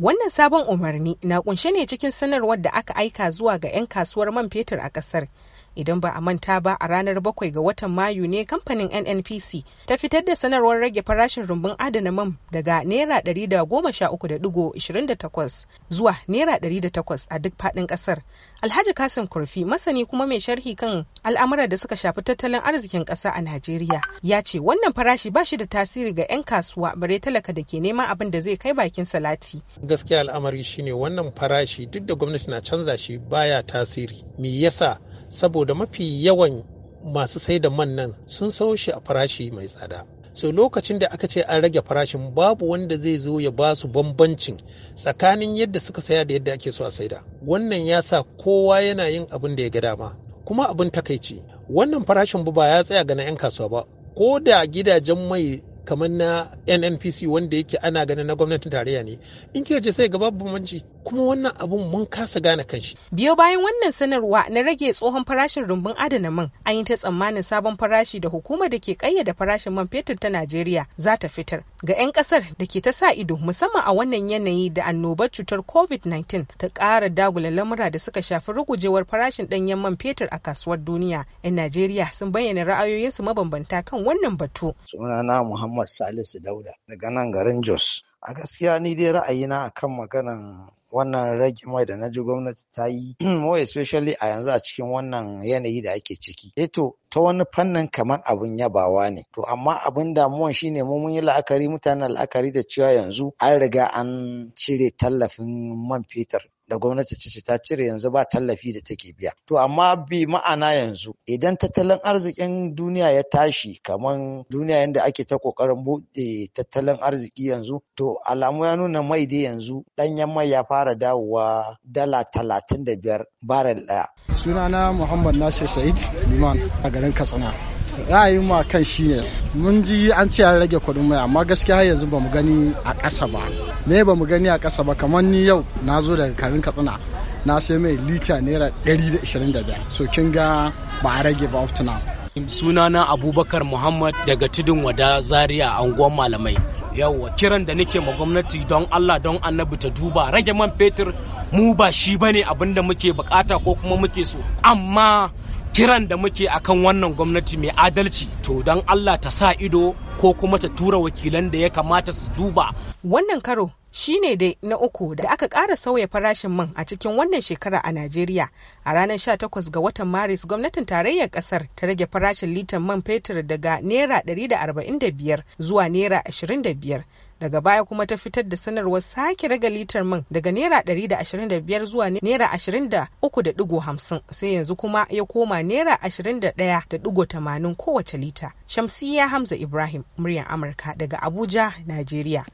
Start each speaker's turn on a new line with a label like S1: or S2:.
S1: Wannan sabon umarni na kunshe ne cikin sanarwar da aka aika zuwa ga 'yan kasuwar man fetur a kasar idan ba a manta ba a ranar bakwai ga watan mayu ne kamfanin nnpc ta fitar da sanarwar rage farashin rumbun adana man daga naira da goma 113.28 zuwa naira 108 a duk faɗin ƙasar alhaji kasim kurfi masani kuma mai sharhi kan al'amura da suka shafi tattalin arzikin ƙasa a najeriya ya ce wannan farashi ba shi da tasiri ga 'yan kasuwa bare talaka da ke neman abin da zai kai bakin salati
S2: gaskiya al'amari shine wannan farashi duk da gwamnati na canza shi baya tasiri me yasa saboda mafi yawan masu sai da man nan sun sau shi a farashi mai tsada so lokacin da aka ce an rage farashin babu wanda zai zo ya ba su bambancin tsakanin yadda suka saya da yadda ake so a saida wannan ya sa kowa yana yin abin da ya ga dama kuma abin takaici wannan farashin ba ya tsaya ga na 'yan kasuwa ba ko da gidajen mai kamar na nnpc wanda yake ana ganin na gwamnatin tarayya ne
S1: in ke ce sai babu bambanci kuma wannan abun mun kasa gane kanshi. Biyo bayan wannan sanarwa na rage tsohon farashin rumbun adana man an yi ta tsammanin sabon farashi da hukumar da ke kayyada farashin man fetur ta Najeriya za ta fitar ga 'yan kasar da ke ta sa ido musamman a wannan yanayi da annobar cutar COVID-19 ta ƙara dagula lamura da suka shafi rugujewar farashin ɗanyen man fetur a kasuwar duniya. 'Yan Najeriya sun bayyana ra'ayoyinsu mabambanta kan wannan batu.
S3: Sunana Muhammad Salisu Dauda daga nan garin Jos. a gaskiya ni dai ra'ayi ra'ayina akan maganan wannan rage mai da na ji gwamnati ta yi more especially a yanzu a cikin wannan yanayi da ake ciki eto eh ta wani fannin kamar abin yabawa ne to amma abin damuwan shine mu mun yi la'akari mutanen la'akari da cewa yanzu an riga an cire tallafin man fetur da gwamnati ce ta cire yanzu ba tallafi da take biya. To amma bi ma'ana yanzu idan tattalin arzikin duniya ya tashi kamar duniya yadda ake ta kokarin buɗe tattalin arziki yanzu to alamu ya nuna mai dai yanzu ɗanyen mai ya fara dawowa dala talatin da biyar barel ɗaya.
S4: Sunana Muhammad Nasir Said Liman a garin Katsina. ra'ayin mu kan shi ne mun ji an ce an rage kudin mai amma gaskiya yanzu ba mu gani a ƙasa ba me ba mu gani a ƙasa ba kamar ni yau na zo daga karin katsina na sai mai lita naira 125 so kin ga ba a rage ba tuna
S5: sunana abubakar muhammad daga tudun wada zaria anguwan malamai yawwa kiran da nake ma gwamnati don Allah don annabi ta duba rage man fetur mu ba shi bane abinda muke bukata ko kuma muke so amma kiran da muke akan wannan gwamnati mai adalci to don Allah ta sa
S1: ido ko
S5: kuma ta tura wakilan da ya kamata su duba.
S1: Wannan karo shi ne dai na uku da aka ƙara sauya farashin man a cikin wannan shekara a Najeriya. A ranar 18 ga watan Maris gwamnatin tarayyar ƙasar ta rage farashin litan man fetur daga Naira 145 zuwa Naira 25. daga baya kuma ta fitar da sanarwar sake raga litar man daga naira ɗari da biyar zuwa naira hamsin sai yanzu kuma ya koma naira ashirin da da ɗaya tamanin kowace lita shamsiyya hamza ibrahim muryar amurka daga abuja najeriya